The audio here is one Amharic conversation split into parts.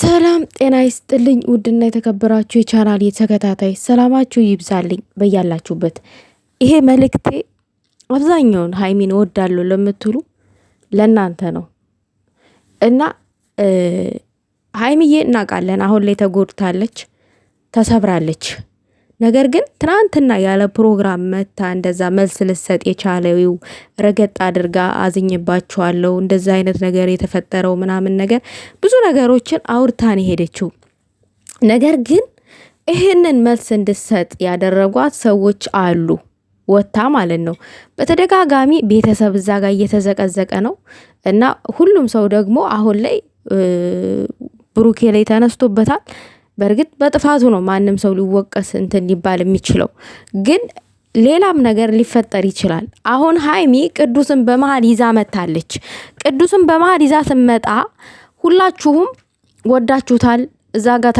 ሰላም ጤና ይስጥልኝ። ውድና የተከበራችሁ የቻናል የተከታታይ ሰላማችሁ ይብዛልኝ በያላችሁበት። ይሄ መልእክቴ አብዛኛውን ሀይሚን እወዳለሁ ለምትሉ ለእናንተ ነው እና ሀይሚዬ እናውቃለን አሁን ላይ ተጎድታለች፣ ተሰብራለች። ነገር ግን ትናንትና ያለ ፕሮግራም መታ እንደዛ መልስ ልሰጥ የቻለው ረገጥ አድርጋ አዝኝባቸዋለው እንደዛ አይነት ነገር የተፈጠረው ምናምን ነገር ብዙ ነገሮችን አውርታን የሄደችው ነገር ግን ይህንን መልስ እንድሰጥ ያደረጓት ሰዎች አሉ። ወታ ማለት ነው። በተደጋጋሚ ቤተሰብ እዛ ጋር እየተዘቀዘቀ ነው እና ሁሉም ሰው ደግሞ አሁን ላይ ብሩኬ ላይ ተነስቶበታል። በእርግጥ በጥፋቱ ነው ማንም ሰው ሊወቀስ እንትን ሊባል የሚችለው ግን ሌላም ነገር ሊፈጠር ይችላል። አሁን ሀይሚ ቅዱስን በመሀል ይዛ መታለች። ቅዱስን በመሀል ይዛ ስመጣ ሁላችሁም ወዳችሁታል፣ እዛ ጋር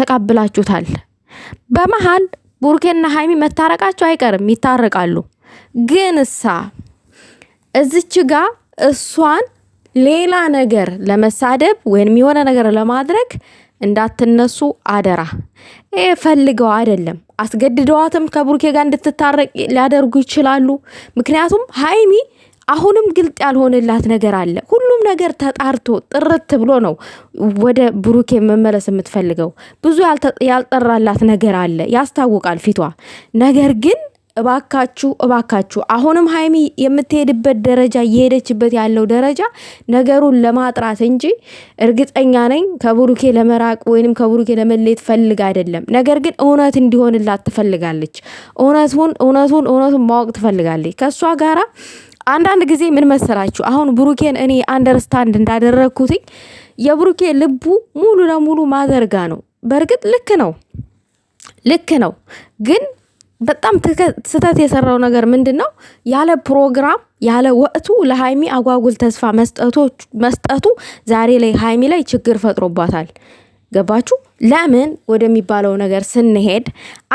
ተቀብላችሁታል። በመሀል ቡርኬና ሀይሚ መታረቃቸው አይቀርም፣ ይታረቃሉ። ግን እሳ እዚች ጋ እሷን ሌላ ነገር ለመሳደብ ወይም የሆነ ነገር ለማድረግ እንዳትነሱ አደራ። ይሄ ፈልገው አይደለም፣ አስገድደዋትም ከብሩኬ ጋር እንድትታረቅ ሊያደርጉ ይችላሉ። ምክንያቱም ሀይሚ አሁንም ግልጥ ያልሆነላት ነገር አለ። ሁሉም ነገር ተጣርቶ ጥርት ብሎ ነው ወደ ብሩኬ መመለስ የምትፈልገው። ብዙ ያልጠራላት ነገር አለ፣ ያስታውቃል ፊቷ ነገር ግን እባካችሁ እባካችሁ አሁንም ሀይሚ የምትሄድበት ደረጃ እየሄደችበት ያለው ደረጃ ነገሩን ለማጥራት እንጂ እርግጠኛ ነኝ ከቡሩኬ ለመራቅ ወይንም ከቡሩኬ ለመለየት ፈልግ አይደለም። ነገር ግን እውነት እንዲሆንላት ትፈልጋለች። እውነቱን እውነቱን እውነቱን ማወቅ ትፈልጋለች። ከእሷ ጋራ አንዳንድ ጊዜ ምን መሰላችሁ አሁን ብሩኬን እኔ አንደርስታንድ እንዳደረግኩትኝ የብሩኬ ልቡ ሙሉ ለሙሉ ማዘርጋ ነው። በእርግጥ ልክ ነው ልክ ነው ግን በጣም ስህተት የሰራው ነገር ምንድን ነው? ያለ ፕሮግራም ያለ ወቅቱ ለሀይሚ አጓጉል ተስፋ መስጠቱ ዛሬ ላይ ሀይሚ ላይ ችግር ፈጥሮባታል። ገባችሁ? ለምን ወደሚባለው ነገር ስንሄድ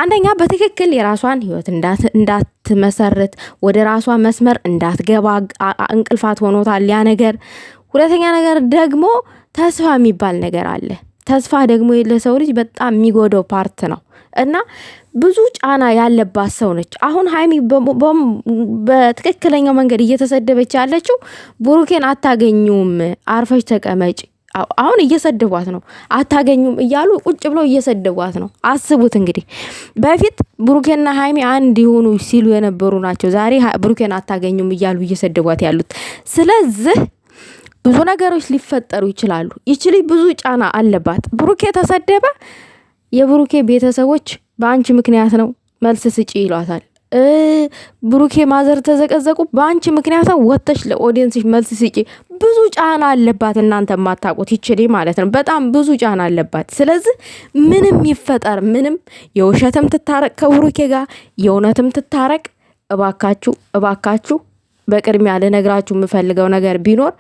አንደኛ በትክክል የራሷን ህይወት እንዳትመሰርት ወደ ራሷ መስመር እንዳትገባ እንቅልፋት ሆኖታል ያ ነገር። ሁለተኛ ነገር ደግሞ ተስፋ የሚባል ነገር አለ። ተስፋ ደግሞ ለሰው ልጅ በጣም የሚጎደው ፓርት ነው እና ብዙ ጫና ያለባት ሰው ነች። አሁን ሀይሚ በትክክለኛው መንገድ እየተሰደበች ያለችው ብሩኬን አታገኙም፣ አርፈች ተቀመጭ። አሁን እየሰደቧት ነው። አታገኙም እያሉ ቁጭ ብለው እየሰደቧት ነው። አስቡት እንግዲህ በፊት ብሩኬና ሀይሚ አንድ የሆኑ ሲሉ የነበሩ ናቸው። ዛሬ ብሩኬን አታገኙም እያሉ እየሰደቧት ያሉት ስለዚህ ብዙ ነገሮች ሊፈጠሩ ይችላሉ። ይች ልጅ ብዙ ጫና አለባት። ብሩኬ ተሰደበ፣ የብሩኬ ቤተሰቦች በአንቺ ምክንያት ነው መልስ ስጪ ይሏታል። ብሩኬ ማዘር ተዘቀዘቁ፣ በአንቺ ምክንያት ነው ወተሽ ለኦዲየንስሽ መልስ ስጪ። ብዙ ጫና አለባት። እናንተ የማታውቁት ይች ልጅ ማለት ነው። በጣም ብዙ ጫና አለባት። ስለዚህ ምንም ይፈጠር፣ ምንም የውሸትም ትታረቅ ከብሩኬ ጋር የእውነትም ትታረቅ፣ እባካችሁ እባካችሁ በቅድሚያ ልነግራችሁ የምፈልገው ነገር ቢኖር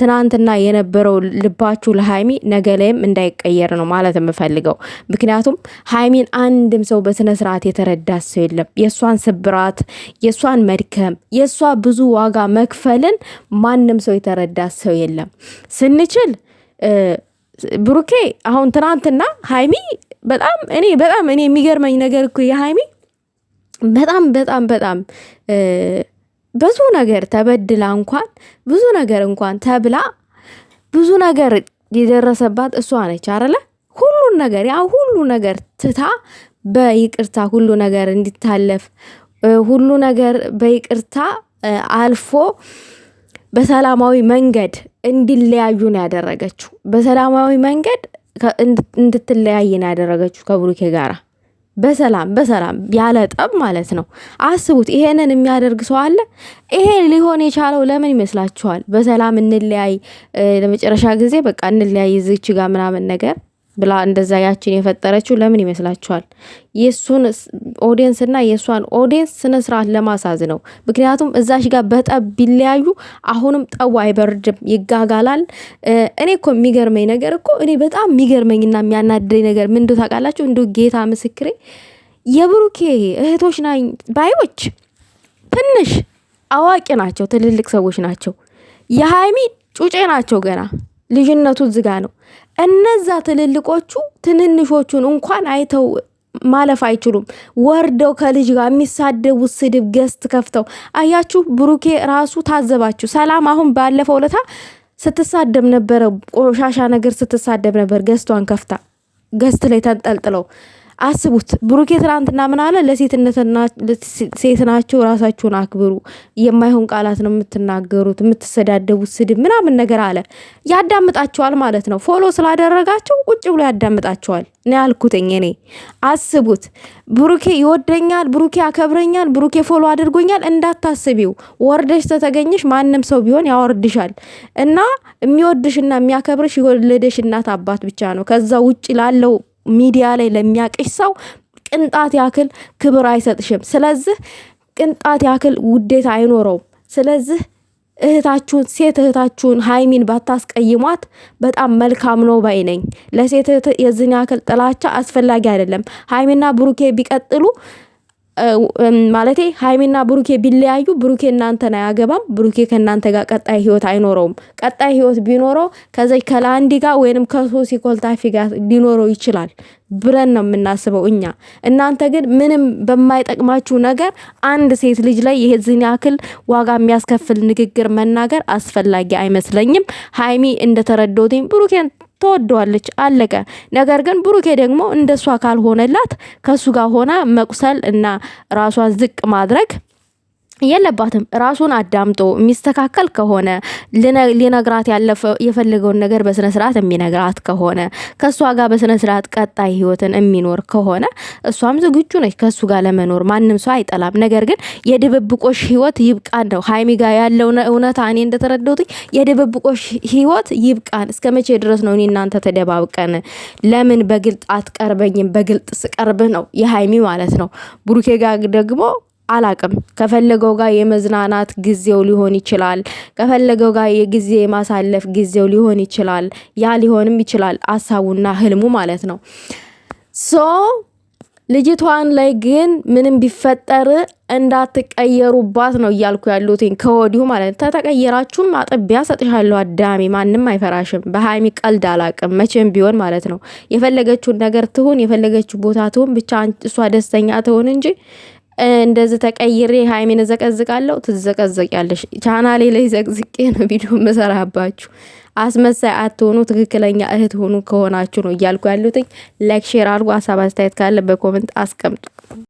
ትናንትና የነበረው ልባችሁ ለሀይሚ ነገ ላይም እንዳይቀየር ነው ማለት የምፈልገው። ምክንያቱም ሀይሚን አንድም ሰው በስነ ስርዓት ሰው የለም። የእሷን ስብራት፣ የእሷን መድከም፣ የእሷ ብዙ ዋጋ መክፈልን ማንም ሰው የተረዳ ሰው የለም። ስንችል ብሩኬ አሁን ትናንትና ሀይሚ በጣም እኔ በጣም እኔ የሚገርመኝ ነገር እኮ የሀይሚ በጣም በጣም በጣም ብዙ ነገር ተበድላ እንኳን ብዙ ነገር እንኳን ተብላ ብዙ ነገር የደረሰባት እሷ ነች አረለ ሁሉን ነገር ያ ሁሉ ነገር ትታ በይቅርታ ሁሉ ነገር እንዲታለፍ ሁሉ ነገር በይቅርታ አልፎ በሰላማዊ መንገድ እንዲለያዩ ነው ያደረገችው። በሰላማዊ መንገድ እንድትለያይ ነው ያደረገችው ከብሩኬ ጋራ። በሰላም በሰላም ያለ ጠብ ማለት ነው። አስቡት፣ ይሄንን የሚያደርግ ሰው አለ? ይሄ ሊሆን የቻለው ለምን ይመስላችኋል? በሰላም እንለያይ፣ ለመጨረሻ ጊዜ በቃ እንለያይ፣ ዝች ጋር ምናምን ነገር ብላ እንደዛ ያችን የፈጠረችው ለምን ይመስላችኋል? የእሱን ኦዲየንስ እና የእሷን ኦዲየንስ ስነ ስርዓት ለማሳዝ ነው። ምክንያቱም እዛሽ ጋር በጠብ ቢለያዩ አሁንም ጠቡ አይበርድም፣ ይጋጋላል። እኔ እኮ የሚገርመኝ ነገር እኮ እኔ በጣም የሚገርመኝና የሚያናድደኝ ነገር ምን እንደው ታውቃላችሁ? ጌታ ምስክሬ የብሩኬ እህቶች ናኝ ባዮች ትንሽ አዋቂ ናቸው፣ ትልልቅ ሰዎች ናቸው። የሀይሚ ጩጬ ናቸው። ገና ልጅነቱ ዝጋ ነው። እነዛ ትልልቆቹ ትንንሾቹን እንኳን አይተው ማለፍ አይችሉም። ወርደው ከልጅ ጋር የሚሳደቡ ስድብ ገስት ከፍተው አያችሁ። ብሩኬ ራሱ ታዘባችሁ። ሰላም አሁን ባለፈው ለታ ስትሳደብ ነበረ። ቆሻሻ ነገር ስትሳደብ ነበር ገስቷን ከፍታ ገስት ላይ ተንጠልጥለው አስቡት። ብሩኬ ትናንትና ምን አለ? ለሴት ናቸው ራሳችሁን አክብሩ፣ የማይሆን ቃላት ነው የምትናገሩት፣ የምትሰዳደቡት ስድብ ምናምን ነገር አለ። ያዳምጣቸዋል ማለት ነው። ፎሎ ስላደረጋቸው ቁጭ ብሎ ያዳምጣቸዋል ነው ያልኩትኝ። እኔ አስቡት፣ ብሩኬ ይወደኛል፣ ብሩኬ ያከብረኛል፣ ብሩኬ ፎሎ አድርጎኛል እንዳታስቢው። ወርደሽ ተተገኘሽ ማንም ሰው ቢሆን ያወርድሻል። እና የሚወድሽና የሚያከብርሽ የወለደሽ እናት አባት ብቻ ነው። ከዛ ውጭ ላለው ሚዲያ ላይ ለሚያቅሽ ሰው ቅንጣት ያክል ክብር አይሰጥሽም። ስለዚህ ቅንጣት ያክል ውዴታ አይኖረውም። ስለዚህ እህታችሁን ሴት እህታችሁን ሀይሚን ባታስቀይሟት በጣም መልካም ነው ባይ ነኝ። ለሴት እህት የዝን ያክል ጥላቻ አስፈላጊ አይደለም። ሀይሚና ብሩኬ ቢቀጥሉ ማለቴ ሀይሜና ብሩኬ ቢለያዩ ብሩኬ እናንተን አያገባም። ብሩኬ ከእናንተ ጋር ቀጣይ ህይወት አይኖረውም። ቀጣይ ህይወት ቢኖረው ከዚ ከላንዲ ጋር ወይንም ከሶሲ ኮልታፊ ጋር ሊኖረው ይችላል ብለን ነው የምናስበው እኛ። እናንተ ግን ምንም በማይጠቅማችሁ ነገር አንድ ሴት ልጅ ላይ ይህን ያክል ዋጋ የሚያስከፍል ንግግር መናገር አስፈላጊ አይመስለኝም። ሀይሚ እንደተረዶትኝ ብሩኬን ትወደዋለች፣ አለቀ። ነገር ግን ብሩኬ ደግሞ እንደሷ ካልሆነላት ከሱ ጋር ሆና መቁሰል እና ራሷን ዝቅ ማድረግ የለባትም ራሱን አዳምጦ የሚስተካከል ከሆነ ሊነግራት የፈለገውን ነገር በስነ ስርዓት የሚነግራት ከሆነ ከእሷ ጋር በስነ ስርዓት ቀጣይ ህይወትን የሚኖር ከሆነ እሷም ዝግጁ ነች ከእሱ ጋር ለመኖር ማንም ሰው አይጠላም። ነገር ግን የድብብቆሽ ህይወት ይብቃን ነው ሀይሚ ጋር ያለው እውነታ። እኔ እንደተረዳሁት የድብብቆሽ ህይወት ይብቃን። እስከ መቼ ድረስ ነው እኔ እናንተ ተደባብቀን? ለምን በግልጥ አትቀርበኝም? በግልጥ ስቀርብህ ነው የሀይሚ ማለት ነው። ብሩኬ ጋር ደግሞ አላቅም ከፈለገው ጋር የመዝናናት ጊዜው ሊሆን ይችላል። ከፈለገው ጋር የጊዜ የማሳለፍ ጊዜው ሊሆን ይችላል። ያ ሊሆንም ይችላል አሳቡና ህልሙ ማለት ነው። ሶ ልጅቷን ላይ ግን ምንም ቢፈጠር እንዳትቀየሩባት ነው እያልኩ ያሉትኝ ከወዲሁ ማለት ነው። ተተቀየራችሁም አጥቢያ ሰጥሻለሁ አዳሜ። ማንም አይፈራሽም። በሀይሚ ቀልድ አላቅም መቼም ቢሆን ማለት ነው። የፈለገችውን ነገር ትሁን፣ የፈለገችው ቦታ ትሁን፣ ብቻ እሷ ደስተኛ ትሁን እንጂ እንደዚህ ተቀይሬ ሀይሜን እዘቀዝቃለሁ። ትዘቀዘቂያለሽ። ቻናሌ ላይ ዘቅዝቄ ነው ቪዲዮ መሰራባችሁ። አስመሳይ አትሆኑ፣ ትክክለኛ እህት ሆኑ ከሆናችሁ ነው እያልኩ ያሉትኝ። ላይክ፣ ሼር አድርጉ። ሀሳብ አስተያየት ካለ በኮመንት አስቀምጡ።